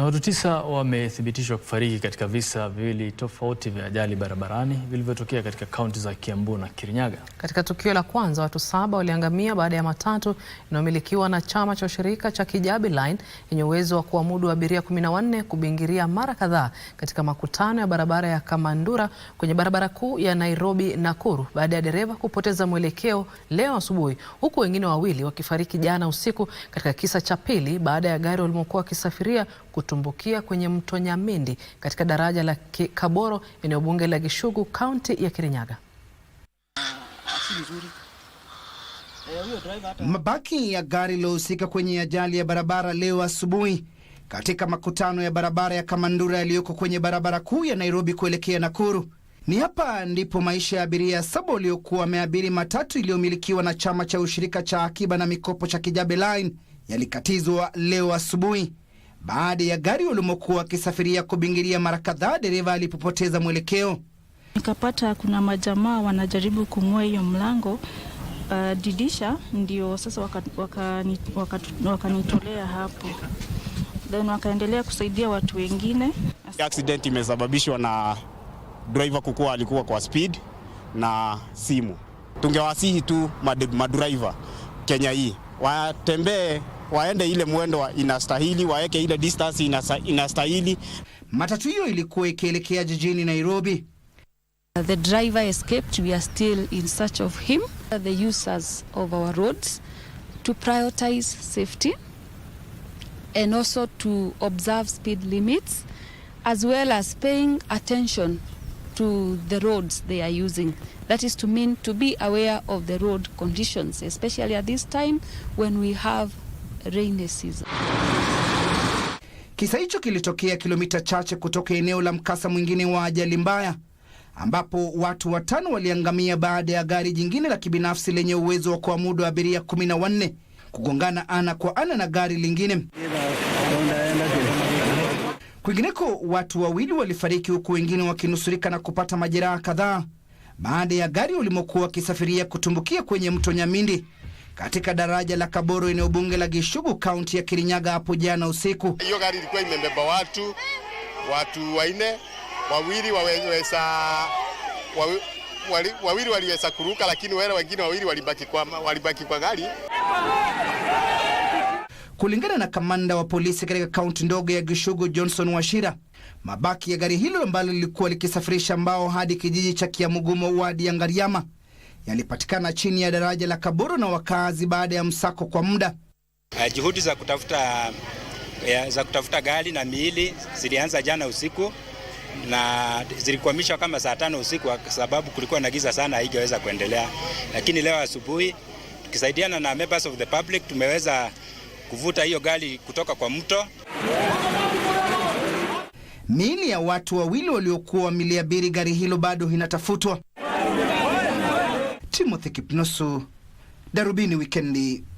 Na watu tisa wamethibitishwa kufariki katika visa viwili tofauti vya ajali barabarani vilivyotokea katika kaunti za Kiambu na Kirinyaga. Katika tukio la kwanza, watu saba waliangamia baada ya matatu inayomilikiwa na chama cha ushirika cha Kijabi Line yenye uwezo wa kuamudu abiria 14 kubingiria mara kadhaa katika makutano ya barabara ya Kamandura kwenye barabara kuu ya Nairobi Nakuru baada ya dereva kupoteza mwelekeo leo asubuhi, huku wengine wawili wakifariki jana usiku katika kisa cha pili baada ya gari walimokuwa wakisafiria kutumbukia kwenye mto Nyamindi katika daraja la Kaboro, eneo bunge la Gishugu, kaunti ya Kirinyaga. Mabaki ya gari lilohusika kwenye ajali ya barabara leo asubuhi katika makutano ya barabara ya Kamandura yaliyoko kwenye barabara kuu ya Nairobi kuelekea Nakuru. Ni hapa ndipo maisha ya abiria saba waliokuwa wameabiri matatu iliyomilikiwa na chama cha ushirika cha akiba na mikopo cha Kijabe Line yalikatizwa leo asubuhi baada ya gari walimokuwa wakisafiria kubingiria. Mara kadhaa dereva alipopoteza mwelekeo, nikapata kuna majamaa wanajaribu kumua hiyo mlango uh, didisha, ndio sasa wakanitolea waka, waka, waka hapo then wakaendelea kusaidia watu wengine. Accident imesababishwa na driver kukuwa alikuwa kwa speed na simu. Tungewasihi tu madriver Kenya hii watembee waende ile mwendo inastahili, waeke ile distance inastahili. Matatu hiyo ilikuwa ikielekea jijini Nairobi. The driver escaped. We are still in search of him. The users of our roads to prioritize safety and also to observe speed limits as well as paying attention to the roads they are using. That is to mean to be aware of the road conditions, especially at this time when we have rainy season. Kisa hicho kilitokea kilomita chache kutoka eneo la mkasa mwingine wa ajali mbaya ambapo watu watano waliangamia baada ya gari jingine la kibinafsi lenye uwezo wa kuamudu abiria kumi na wanne kugongana ana kwa ana na gari lingine. Kwingineko, watu wawili walifariki huku wengine wakinusurika na kupata majeraha kadhaa baada ya gari walimokuwa wakisafiria kutumbukia kwenye mto Nyamindi katika daraja la Kaboro, eneo bunge la Gishugu, kaunti ya Kirinyaga hapo jana usiku. Hiyo gari ilikuwa imebeba watu watu wanne, wawili waweza wawili wawili waliweza kuruka, lakini wale wengine wawili walibaki kwa, walibaki kwa gari. Kulingana na kamanda wa polisi katika kaunti ndogo ya Gishugu, Johnson Washira, mabaki ya gari hilo ambalo lilikuwa likisafirisha mbao hadi kijiji cha Kiamugumo wadi ya Ngariama yalipatikana chini ya daraja la Kaburu na wakazi baada ya msako kwa muda. Eh, juhudi za kutafuta, za kutafuta gari na miili zilianza jana usiku na zilikwamishwa kama saa tano usiku kwa sababu kulikuwa na giza sana, haijaweza kuendelea. Lakini leo asubuhi tukisaidiana na members of the public tumeweza kuvuta hiyo gari kutoka kwa mto. Miili ya watu wawili waliokuwa wameliabiri gari hilo bado inatafutwa. Timothy kipnosu Darubini Wikendi.